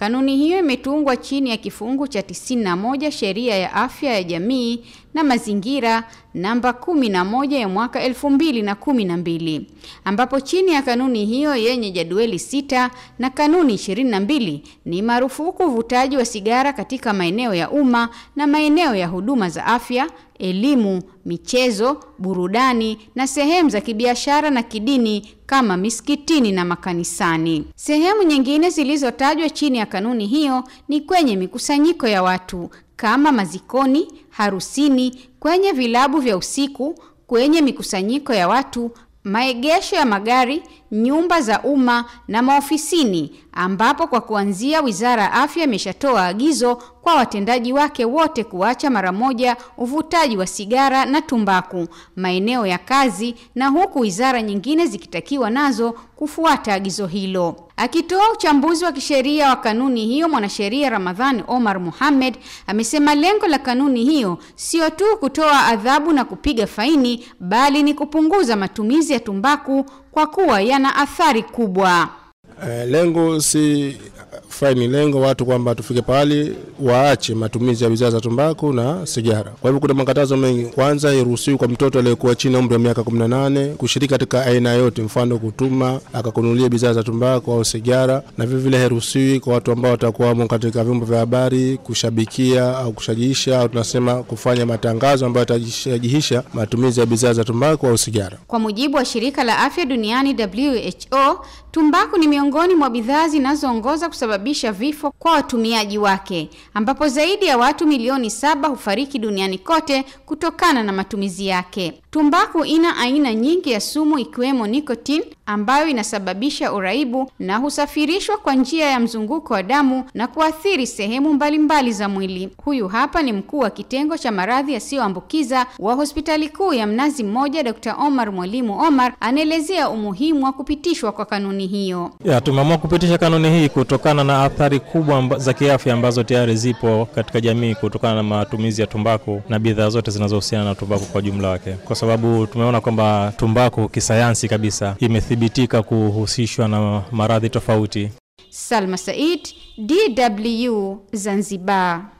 Kanuni hiyo imetungwa chini ya kifungu cha 91 Sheria ya Afya ya Jamii na Mazingira namba 11 ya mwaka 2012, ambapo chini ya kanuni hiyo yenye jadueli sita na kanuni 22 ni marufuku uvutaji wa sigara katika maeneo ya umma na maeneo ya huduma za afya, elimu, michezo, burudani na sehemu za kibiashara na kidini kama misikitini na makanisani. Sehemu nyingine zilizotajwa chini ya kanuni hiyo ni kwenye mikusanyiko ya watu kama mazikoni, harusini, kwenye vilabu vya usiku, kwenye mikusanyiko ya watu maegesho ya magari, nyumba za umma na maofisini, ambapo kwa kuanzia Wizara ya Afya imeshatoa agizo kwa watendaji wake wote kuacha mara moja uvutaji wa sigara na tumbaku maeneo ya kazi, na huku wizara nyingine zikitakiwa nazo kufuata agizo hilo. Akitoa uchambuzi wa kisheria wa kanuni hiyo, mwanasheria Ramadhani Omar muhammed amesema lengo la kanuni hiyo sio tu kutoa adhabu na kupiga faini, bali ni kupunguza matumizi ya tumbaku kwa kuwa yana athari kubwa. Eh, lengo si kufai ni lengo watu kwamba tufike pahali waache matumizi ya bidhaa za tumbaku na sigara. Kwa hivyo kuna makatazo mengi. Kwanza, iruhusiwi kwa mtoto aliyekuwa chini ya umri wa miaka 18 kushiriki katika aina yote, mfano kutuma, akakunulia bidhaa za tumbaku au sigara, na vivyo vile hairuhusiwi kwa watu ambao watakuwamo katika vyombo vya habari kushabikia au kushajihisha au tunasema kufanya matangazo ambayo yatajishajihisha matumizi ya bidhaa za tumbaku au sigara. Kwa mujibu wa shirika la afya duniani WHO, tumbaku ni miongoni mwa bidhaa zinazoongoza kusababisha kusababisha vifo kwa watumiaji wake, ambapo zaidi ya watu milioni saba hufariki duniani kote kutokana na matumizi yake. Tumbaku ina aina nyingi ya sumu ikiwemo nikotini ambayo inasababisha uraibu na husafirishwa kwa njia ya mzunguko wa damu na kuathiri sehemu mbalimbali mbali za mwili. Huyu hapa ni mkuu wa kitengo cha maradhi yasiyoambukiza wa hospitali kuu ya Mnazi Mmoja, Dr. Omar Mwalimu Omar anaelezea umuhimu wa kupitishwa kwa kanuni hiyo. Ya, tumeamua kupitisha kanuni hii kutokana na athari kubwa za kiafya ambazo tayari zipo katika jamii kutokana na matumizi ya tumbaku na bidhaa zote zinazohusiana na tumbaku kwa jumla wake, kwa sababu tumeona kwamba tumbaku kisayansi kabisa imethibitika kuhusishwa na maradhi tofauti. Salma Said, DW Zanzibar.